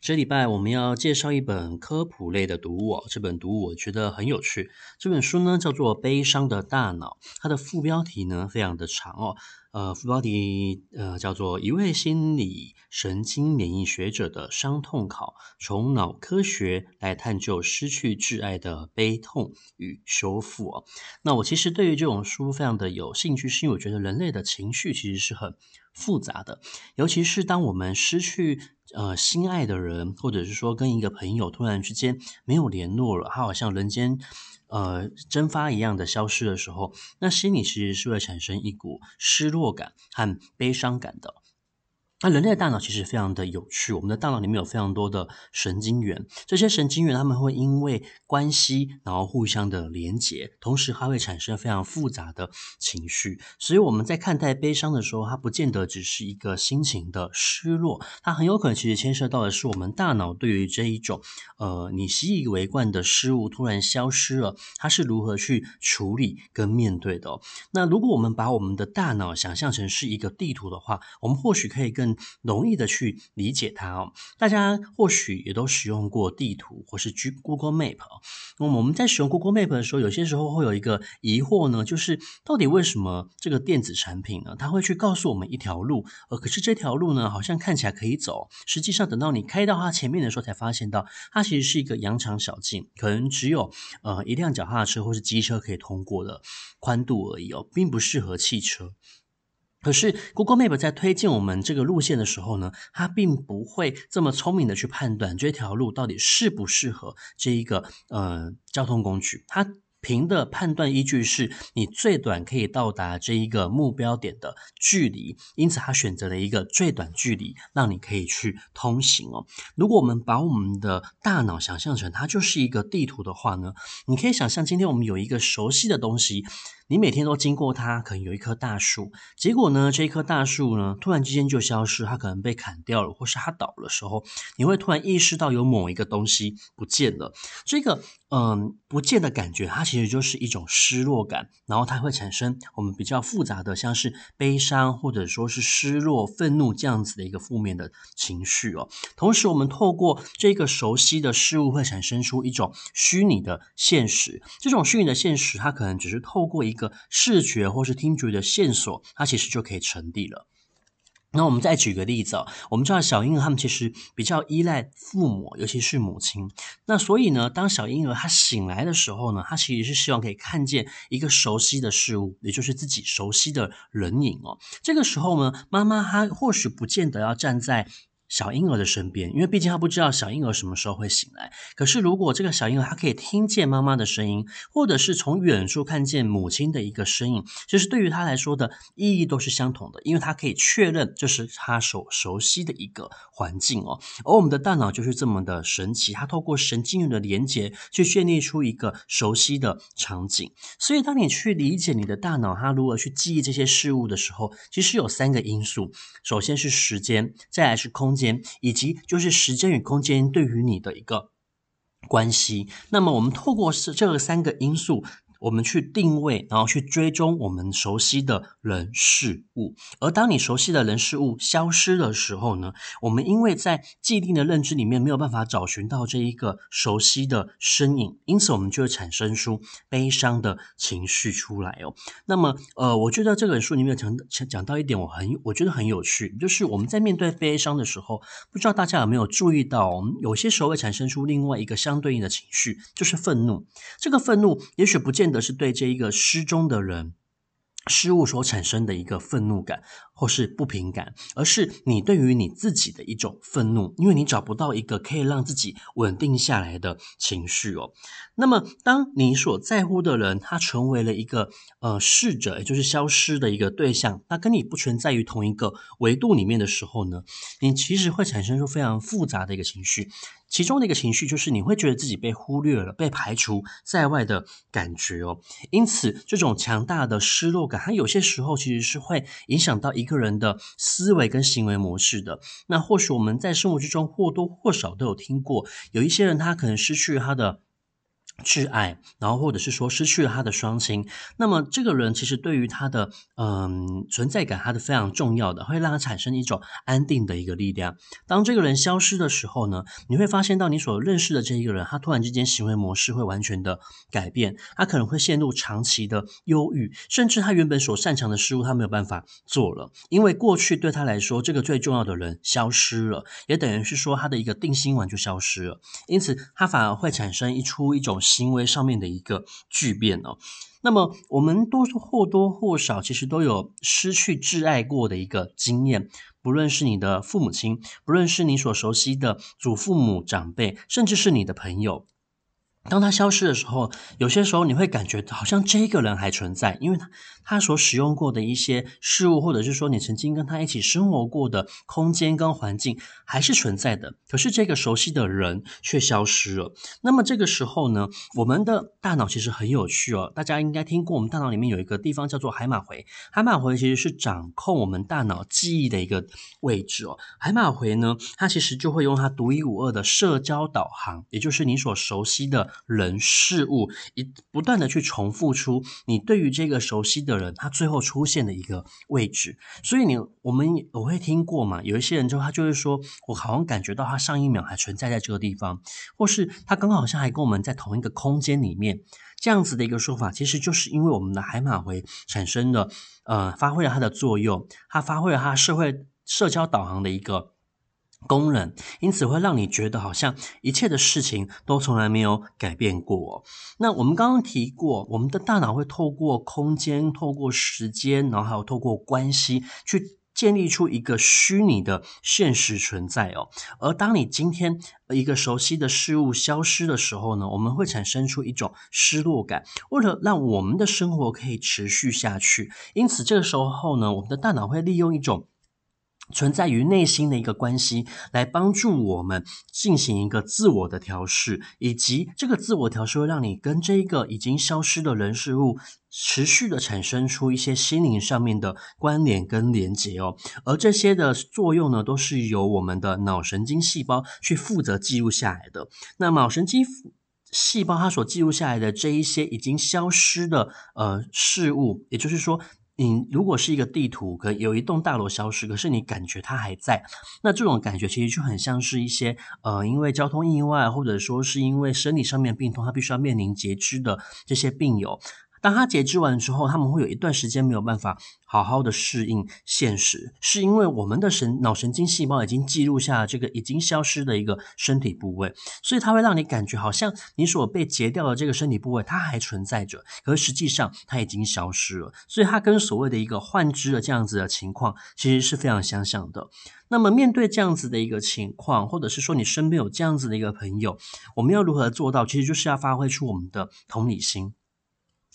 這禮拜我們要介紹一本科普類的讀物哦，這本讀物我覺得很有趣。這本書呢叫做《悲傷的大腦》，它的副標題呢非常的長哦，呃，副標題呃叫做一位心理神經免疫學者的傷慟考，從腦科學來探究失去摯愛的悲痛與修復哦。那我其實對於這種書非常的有興趣，是因為我覺得人類的情緒其實是很複雜的，尤其是當我們失去呃心愛的人，或者是說跟一個朋友突然之間沒有聯絡了，他好像人間呃蒸發一樣的消失的時候，那心裡其實是會產生一股失落感和悲傷感的。那人類的大腦其實非常的有趣，我們的大腦裡面有非常多的神經元，這些神經元他們會因為關係，然後互相的連接，同時還會產生非常複雜的情緒。所以我們在看待悲傷的時候，它不見得只是一個心情的失落，它很有可能其實牽涉到的是我們大腦對於這一種呃你習以為慣的事物突然消失了，它是如何去處理跟面對的。那如果我們把我們的大腦想象成是一個地圖的話，我們或許可以更容易的去理解它哦。大家或許也都使用過地圖或是 Google Map。哦，那我們在使用 Google Map 的時候，有些時候會有一個疑惑呢，就是到底為什麼這個電子產品呢，它會去告訴我們一條路？可是這條路呢，好像看起來可以走，實際上等到你開到它前面的時候，才發現到它其實是一個羊腸小徑，可能只有呃一輛腳踏車或是機車可以通過的寬度而已哦，並不適合汽車。可是，Google Map 在推薦我們這個路線的時候呢，它並不會這麼聰明的去判斷這條路到底適不適合這一個，呃，交通工具。它平的判斷依據是你最短可以到達這一個目標點的距離，因此他選擇了一個最短距離讓你可以去通行哦。如果我們把我們的大腦想象成它就是一個地圖的話呢，你可以想象今天我們有一個熟悉的東西，你每天都經過它，可能有一棵大樹。結果呢，這一棵大樹呢，突然之間就消失，它可能被砍掉了，或是它倒了的時候，你會突然意識到有某一個東西不見了。這個嗯，呃，不見的感覺它是。其實就是一種失落感，然後它會產生我們比較複雜的，像是悲傷或者說是失落、憤怒這樣子的一個負面的情緒哦。同時，我們透過這個熟悉的事物，會產生出一種虛擬的現實。這種虛擬的現實，它可能只是透過一個視覺或是聽覺的線索，它其實就可以成立了。那我們再舉個例子哦，我們知道小嬰兒他們其實比較依賴父母，尤其是母親。那所以呢，當小嬰兒他醒來的時候呢，他其實是希望可以看見一個熟悉的事物，也就是自己熟悉的人影哦。這個時候呢，媽媽她或許不見得要站在小嬰兒的身邊，因為畢竟他不知道小嬰兒什麼時候會醒來。可是，如果這個小嬰兒他可以聽見媽媽的聲音，或者是從遠處看見母親的一個身影，其實對於他來說的意義都是相同的，因為他可以確認這是他所熟悉的一個環境哦。而我們的大腦就是這麼的神奇，它透過神經元的連接去建立出一個熟悉的場景。所以，當你去理解你的大腦它如何去記憶這些事物的時候，其實有三個因素：首先是時間，再來是空間。間，以及就是時間與空間對於你的一個關係。那麼，我們透過這三個因素。我們去定位，然後去追蹤我們熟悉的人事物。而當你熟悉的人事物消失的時候呢，我們因為在既定的認知裡面沒有辦法找尋到這一個熟悉的身影，因此我們就會產生出悲傷的情緒出來哦。那麼，呃，我覺得這本書裡面講講講到一點，我很我覺得很有趣，就是我們在面對悲傷的時候，不知道大家有沒有注意到，我們有些時候會產生出另外一個相對應的情緒，就是憤怒。這個憤怒也許不見得。的是對這一個失蹤的人。失誤所產生的一個憤怒感，或是不平感，而是你對於你自己的一種憤怒，因為你找不到一個可以讓自己穩定下來的情緒哦。那麼，當你所在乎的人他成為了一個呃逝者，也就是消失的一個對象，那跟你不存在於同一個維度裡面的時候呢，你其實會產生出非常複雜的一個情緒，其中的一個情緒就是你會覺得自己被忽略了、被排除在外的感覺哦。因此，這種強大的失落感。感，他有些時候其實是會影響到一個人的思維跟行為模式的。那或許我們在生活之中或多或少都有聽過，有一些人他可能失去他的。摯愛，然後或者是說失去了他的雙親，那麼這個人其實對於他的嗯存在感，他是非常重要的，會讓他產生一種安定的一個力量。當這個人消失的時候呢，你會發現到你所認識的這一個人，他突然之間行為模式會完全的改變，他可能會陷入長期的憂鬱，甚至他原本所擅長的事物他沒有辦法做了，因為過去對他來說，這個最重要的人消失了，也等於是說他的一個定心丸就消失了，因此他反而會產生一出一種。行為上面的一個巨變哦，那麼我們多或多或少其實都有失去摯愛過的一個經驗，不論是你的父母親，不論是你所熟悉的祖父母、長輩，甚至是你的朋友，當他消失的時候，有些時候你會感覺好像這個人還存在，因為他。他所使用過的一些事物，或者是說你曾經跟他一起生活過的空間跟環境，還是存在的。可是這個熟悉的人卻消失了。那麼這個時候呢，我們的大腦其實很有趣哦。大家應該聽過，我們大腦裡面有一個地方叫做海馬迴，海馬迴其實是掌控我們大腦記憶的一個位置哦。海馬迴呢，它其實就會用它獨一無二的社交導航，也就是你所熟悉的人事物，一不斷的去重複出你對於這個熟悉的人。他最後出現的一個位置，所以你我們我會聽過嘛，有一些人就他就是說我好像感覺到他上一秒還存在在這個地方，或是他剛好像還跟我們在同一個空間裡面，這樣子的一個說法，其實就是因為我們的海馬回產生了呃，發揮了它的作用，它發揮了它社會社交導航的一個。功能，因此會讓你覺得好像一切的事情都從來沒有改變過哦。那我們剛剛提過，我們的大腦會透過空間、透過時間，然後還有透過關係，去建立出一個虛擬的現實存在哦。而當你今天一個熟悉的事物消失的時候呢，我們會產生出一種失落感。為了讓我們的生活可以持續下去，因此這個時候呢，我們的大腦會利用一種。存在於內心的一個關係，來幫助我們進行一個自我的調試，以及這個自我調試會讓你跟這個已經消失的人事物持續的產生出一些心靈上面的關聯跟連接哦。而這些的作用呢，都是由我們的腦神經細胞去負責記錄下來的。那腦神經細胞它所記錄下來的這一些已經消失的，呃，事物，也就是說，你如果是一個地圖，可有一棟大樓消失，可是你感覺它還在，那這種感覺其實就很像是一些呃，因為交通意外，或者說是因為生理上面病痛，他必須要面臨截肢的這些病友。當它截肢完之後，他們會有一段時間沒有辦法好好的適應現實，是因為我們的神腦神經細胞已經記錄下了這個已經消失的一個身體部位，所以它會讓你感覺好像你所被截掉的這個身體部位它還存在着，可是實際上它已經消失了。所以它跟所謂的一個幻肢的這樣子的情況其實是非常相像的。那麼面對這樣子的一個情況，或者是說你身邊有這樣子的一個朋友，我們要如何做到？其實就是要發揮出我們的同理心。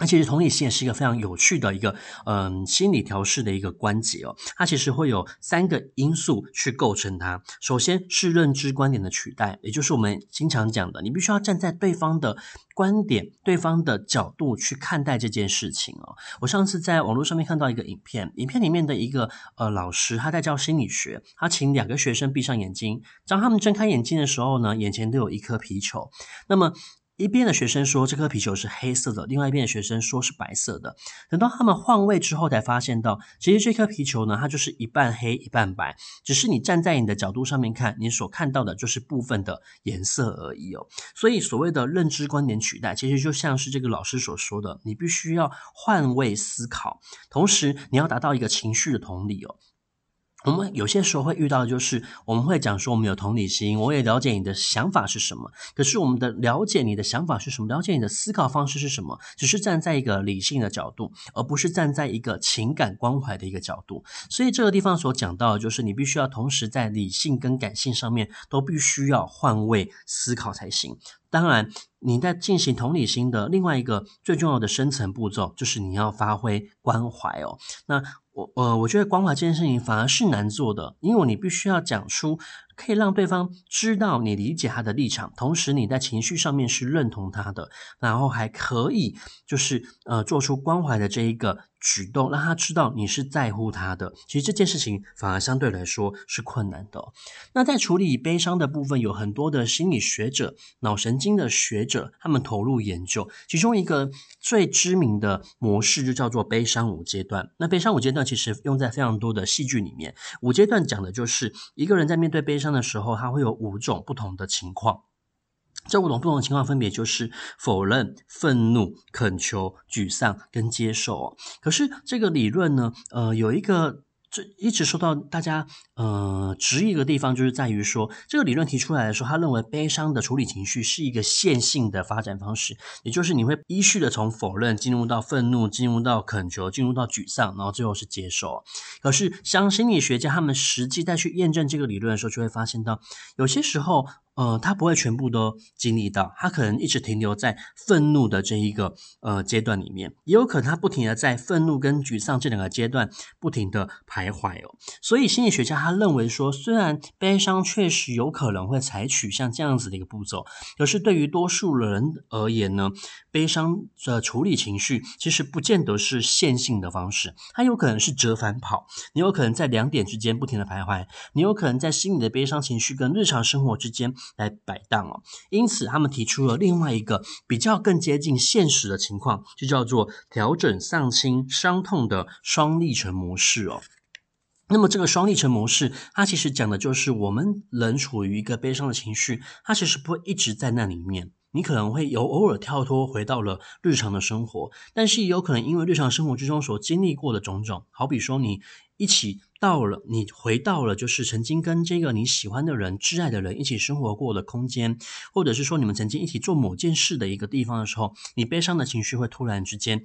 那其實同理心也是一個非常有趣的一個，嗯、呃，心理調試的一個關節哦。它其實會有三個因素去構成它。首先是認知觀點的取代，也就是我們經常講的，你必須要站在對方的觀點、對方的角度去看待這件事情哦。我上次在網絡上面看到一個影片，影片裡面的一個呃老師他在教心理學，他請兩個學生閉上眼睛，當他們睜開眼睛的時候呢，眼前都有一顆皮球。那麼一邊的學生說，這顆皮球是黑色的，另外一邊的學生說是白色的。等到他們換位之後，才發現到，其實這顆皮球呢，它就是一半黑一半白，只是你站在你的角度上面看，你所看到的就是部分的顏色而已哦。所以所謂的認知觀點取代，其實就像是這個老師所說的，你必須要換位思考，同時你要達到一個情緒的同理哦。我們有些時候會遇到的就是，我們會講說我們有同理心，我也了解你的想法是什麼。可是我們的了解你的想法是什麼，了解你的思考方式是什麼，只是站在一個理性的角度，而不是站在一個情感關懷的一個角度。所以這個地方所講到的就是，你必須要同時在理性跟感性上面都必須要換位思考才行。當然，你在進行同理心的另外一個最重要的深層步驟，就是你要發揮關懷哦。那我呃，我覺得關懷這件事情反而是難做的，因為你必須要講出。可以讓對方知道你理解他的立場，同時你在情緒上面是認同他的，然後還可以就是呃做出關懷的這一個舉動，讓他知道你是在乎他的。其實這件事情反而相對來說是困難的哦。那在處理悲傷的部分，有很多的心理學者、腦神經的學者，他們投入研究，其中一個最知名的模式就叫做悲傷五階段。那悲傷五階段其實用在非常多的戲劇裡面。五階段講的就是一個人在面對悲傷上的時候，它會有五種不同的情況，這五種不同的情況分別就是否認、憤怒、懇求、沮喪跟接受哦，可是這個理論呢，呃，有一個。這一直受到大家，嗯、呃，質疑的地方就是在於說，這個理論提出來的時候，他認為悲傷的處理情緒是一個線性的發展方式，也就是你會依序的從否認進入到憤怒，進入到懇求，進入到沮喪，然後最後是接受。可是，像心理學家他們實際在去驗證這個理論的時候，就會發現到有些時候。呃，他不會全部都經歷到，他可能一直停留在憤怒的這一個呃階段裡面，也有可能他不停的在憤怒跟沮喪這兩個階段不停的徘徊哦。所以心理學家他認為說，雖然悲傷確實有可能會採取像這樣子的一個步驟，可是對於多數人而言呢，悲傷的處理情緒其實不見得是線性的方式，它有可能是折返跑，你有可能在兩點之間不停的徘徊，你有可能在心理的悲傷情緒跟日常生活之間。來擺盪哦，因此他們提出了另外一個比較更接近現實的情況，就叫做調整喪親傷痛的雙歷程模式哦。那麼這個雙歷程模式，它其實講的就是我們人處於一個悲傷的情緒，它其實不會一直在那裡面。你可能會有偶爾跳脫回到了日常的生活，但是也有可能因為日常生活之中所經歷過的種種，好比說你一起到了你回到了就是曾經跟這個你喜歡的人、摯愛的人一起生活過的空間，或者是說你們曾經一起做某件事的一個地方的時候，你悲傷的情緒會突然之間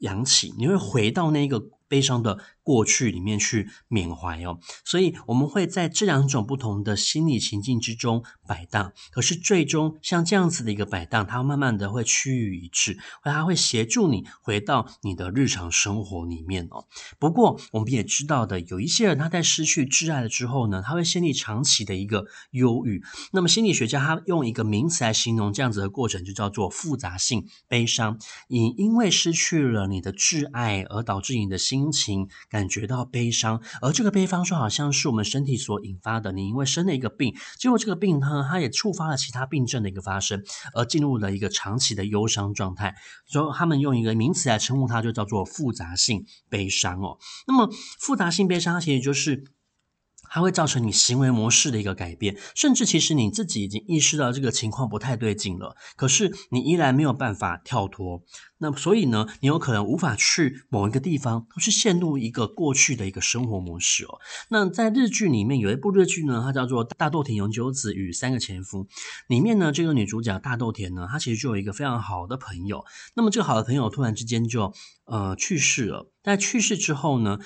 揚起，你會回到那個。悲傷的過去裡面去緬懷哦，所以我們會在這兩種不同的心理情境之中擺盪。可是最終，像這樣子的一個擺盪，它慢慢的會趨於一致，會它會協助你回到你的日常生活裡面哦。不過，我們也知道的，有一些人他在失去摯愛了之後呢，他會心裡長期的一個憂鬱。那麼，心理學家他用一個名詞來形容這樣子的過程，就叫做複雜性悲傷。你因為失去了你的摯愛而導致你的心。心情感覺到悲傷，而這個悲傷說好像是我們身體所引發的。你因為生了一個病，結果這個病它它也觸發了其他病症的一個發生，而進入了一個長期的憂傷狀態。所以他們用一個名詞來稱呼它，就叫做複雜性悲傷哦。那麼複雜性悲傷，其實就是。它會造成你行為模式的一個改變，甚至其實你自己已經意識到這個情況不太對勁了，可是你依然沒有辦法跳脫。那所以呢，你有可能無法去某一個地方，去陷入一個過去的一個生活模式哦。那在日劇裡面有一部日劇呢，它叫做《大豆田永久子與三個前夫》。裡面呢，這個女主角大豆田呢，她其實就有一個非常好的朋友。那麼這個好的朋友突然之間就呃去世了，但去世之後呢，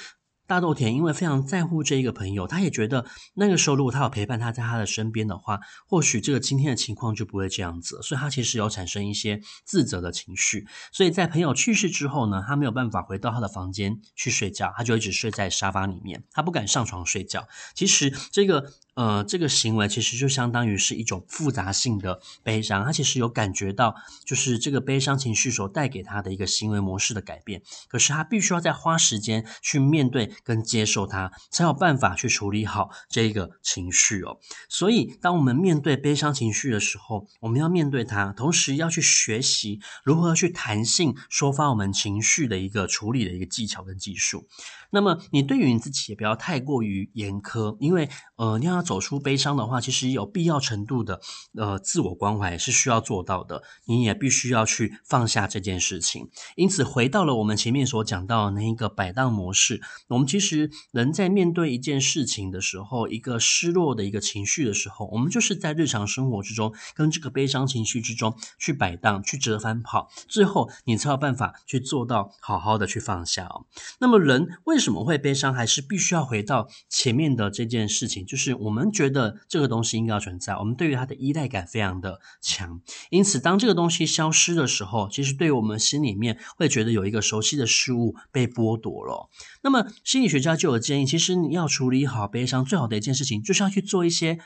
大豆田因為非常在乎這一個朋友，他也覺得那個時候如果他有陪伴他在他的身邊的話，或許這個今天的情況就不會這樣子了。所以他其實有產生一些自責的情緒。所以在朋友去世之後呢，他沒有辦法回到他的房間去睡覺，他就一直睡在沙發裡面，他不敢上床睡覺。其實這個呃這個行為其實就相當於是一種複雜性的悲傷，他其實有感覺到就是這個悲傷情緒所帶給他的一個行為模式的改變。可是他必須要再花時間去面對。跟接受它，才有辦法去處理好這個情緒哦。所以，當我們面對悲傷情緒的時候，我們要面對它，同時要去學習如何去彈性抒發我們情緒的一個處理的一個技巧跟技術。那麼，你對於你自己也不要太過於嚴苛，因為呃，你要走出悲傷的話，其實有必要程度的呃自我關懷是需要做到的。你也必須要去放下這件事情。因此，回到了我們前面所講到的那一個擺盪模式，我們。其實人在面對一件事情的時候，一個失落的一個情緒的時候，我們就是在日常生活之中，跟這個悲傷情緒之中去擺盪、去折返跑，最後你才有辦法去做到好好的去放下哦。那麼，人為什麼會悲傷？還是必須要回到前面的這件事情，就是我們覺得這個東西應該要存在，我們對於它的依賴感非常的強，因此當這個東西消失的時候，其實對於我們心裡面會覺得有一個熟悉的事物被剝奪了哦。那麼。心理學家就有建議，其實你要處理好悲傷，最好的一件事情就是要去做一些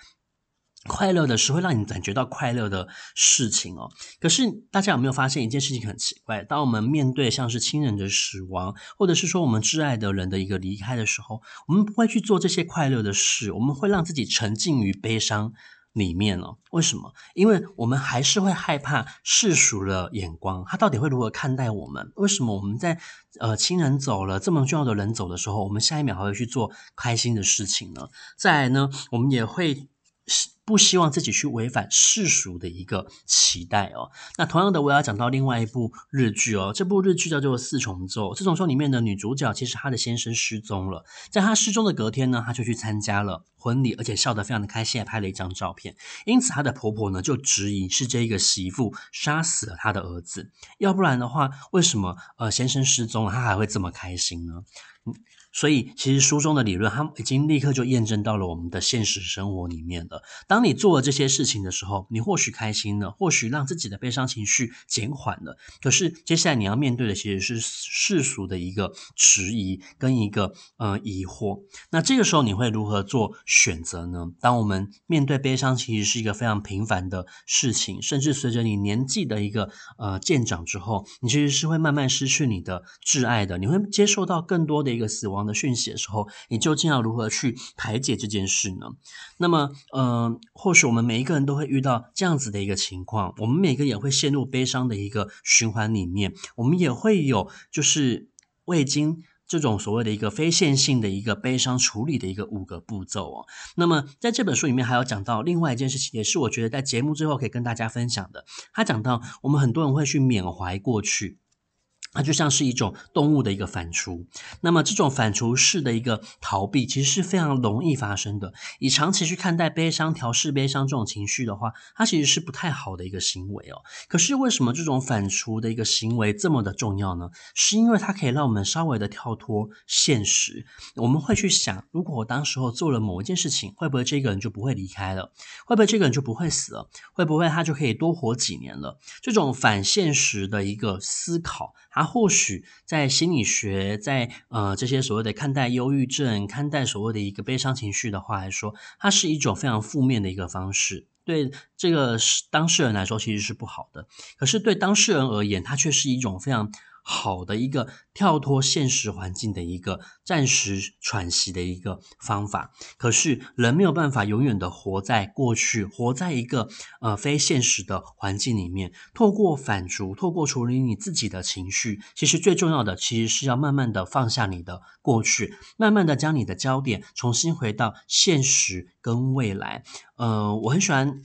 快樂的事，會讓你感覺到快樂的事情哦。可是大家有沒有發現一件事情很奇怪？當我們面對像是親人的死亡，或者是說我們摯愛的人的一個離開的時候，我們不會去做這些快樂的事，我們會讓自己沉浸於悲傷。裡面了、哦，為什麼？因為我們還是會害怕世俗的眼光，他到底會如何看待我們？為什麼我們在呃親人走了這麼重要的人走的時候，我們下一秒還會去做開心的事情呢？再來呢，我們也會。不希望自己去違反世俗的一個期待哦。那同樣的，我要講到另外一部日劇哦。這部日劇叫做《四重奏》。四重奏裡面的女主角，其實她的先生失蹤了。在她失蹤的隔天呢，她就去參加了婚禮，而且笑得非常的開心，還拍了一張照片。因此，她的婆婆呢就質疑是這個媳婦殺死了她的兒子，要不然的話，為什麼呃先生失蹤了，她還會這麼開心呢？所以，其實書中的理論，它已經立刻就驗證到了我們的現實生活裡面了。當你做了這些事情的時候，你或許開心了，或許讓自己的悲傷情緒減緩了。可是，接下來你要面對的其實是世俗的一個遲疑跟一個呃疑惑。那這個時候，你會如何做選擇呢？當我們面對悲傷，其實是一個非常平凡的事情，甚至隨着你年紀的一個呃漸長之後，你其實是會慢慢失去你的摯愛的。你會接受到更多的一個死亡，的訊息的時候，你究竟要如何去排解這件事呢？那麼，呃，或許我們每一個人都會遇到這樣子的一個情況，我們每個人也會陷入悲傷的一個循環裡面，我們也會有就是未經這種所謂的一個非線性的一個悲傷處理的一個五個步驟哦。那麼，在這本書裡面還有講到另外一件事情，也是我覺得在節目最後可以跟大家分享的。他講到我們很多人會去緬懷過去。它就像是一種動物的一個反芻，那麼這種反芻式的一個逃避，其實是非常容易發生的。以長期去看待悲傷、調試悲傷這種情緒的話，它其實是不太好的一個行為哦。可是為什麼這種反芻的一個行為這麼的重要呢？是因為它可以讓我們稍微的跳脫現實，我們會去想，如果我當時候做了某一件事情，會不會這個人就不會離開了？會不會這個人就不會死了？會不會他就可以多活幾年了？這種反現實的一個思考。他、啊、或許在心理學，在呃這些所謂的看待憂鬱症、看待所謂的一個悲傷情緒的話來說，它是一種非常負面的一個方式，對這個當事人來說其實是不好的。可是對當事人而言，它卻是一種非常好的一個跳脫現實環境的一個暫時喘息的一個方法，可是人沒有辦法永遠的活在過去，活在一個呃非現實的環境裡面。透過反芻，透過處理你自己的情緒，其實最重要的其實是要慢慢的放下你的過去，慢慢的將你的焦點重新回到現實跟未來。呃，我很喜歡。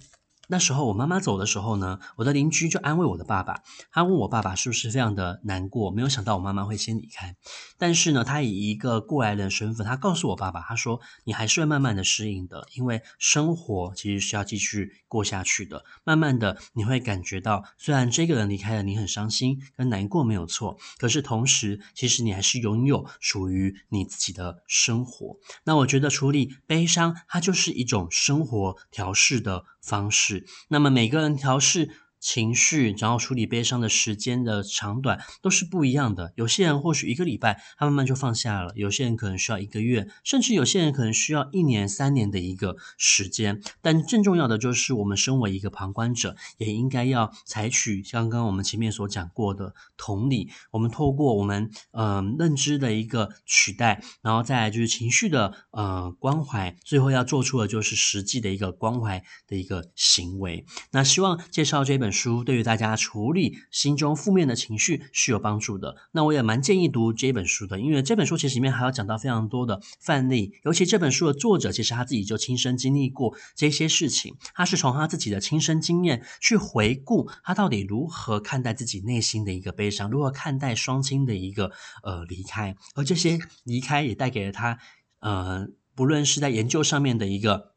那時候我媽媽走的時候呢，我的鄰居就安慰我的爸爸。他問我爸爸是不是非常的難過，沒有想到我媽媽會先離開。但是呢，他以一個過來人的身份，他告訴我爸爸，他說：“你還是會慢慢的適應的，因為生活其實是要繼續過下去的。慢慢的，你會感覺到，雖然這個人離開了，你很傷心跟難過沒有錯，可是同時，其實你還是擁有屬於你自己的生活。”那我覺得處理悲傷，它就是一種生活調適的方式。那麼每個人調試。情緒，然後處理悲傷的時間的長短都是不一樣的。有些人或許一個禮拜，他慢慢就放下了；有些人可能需要一個月，甚至有些人可能需要一年、三年的一個時間。但更重要的就是，我們身為一個旁觀者，也應該要採取像剛剛我們前面所講過的同理。我們透過我們嗯、呃、認知的一個取代，然後再來就是情緒的呃關懷，最後要做出的就是實際的一個關懷的一個行為。那希望介紹這本書。書對於大家處理心中負面的情緒是有幫助的。那我也蠻建議讀這本書的，因為這本書其實裡面還有講到非常多的範例。尤其這本書的作者，其實他自己就親身經歷過這些事情。他是從他自己的親身經驗去回顧他到底如何看待自己內心的一個悲傷，如何看待雙親的一個呃離開，而這些離開也帶給了他呃，不論是在研究上面的一個。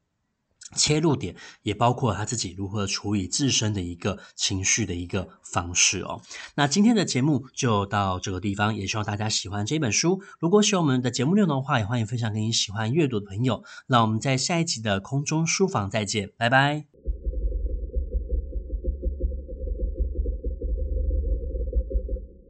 切入點，也包括他自己如何處理自身的一個情緒的一個方式哦。那今天的節目就到這個地方，也希望大家喜歡這本書。如果喜歡我們的節目內容的話，也歡迎分享給你喜歡閱讀的朋友。那我們在下一集的空中書房再見，拜拜。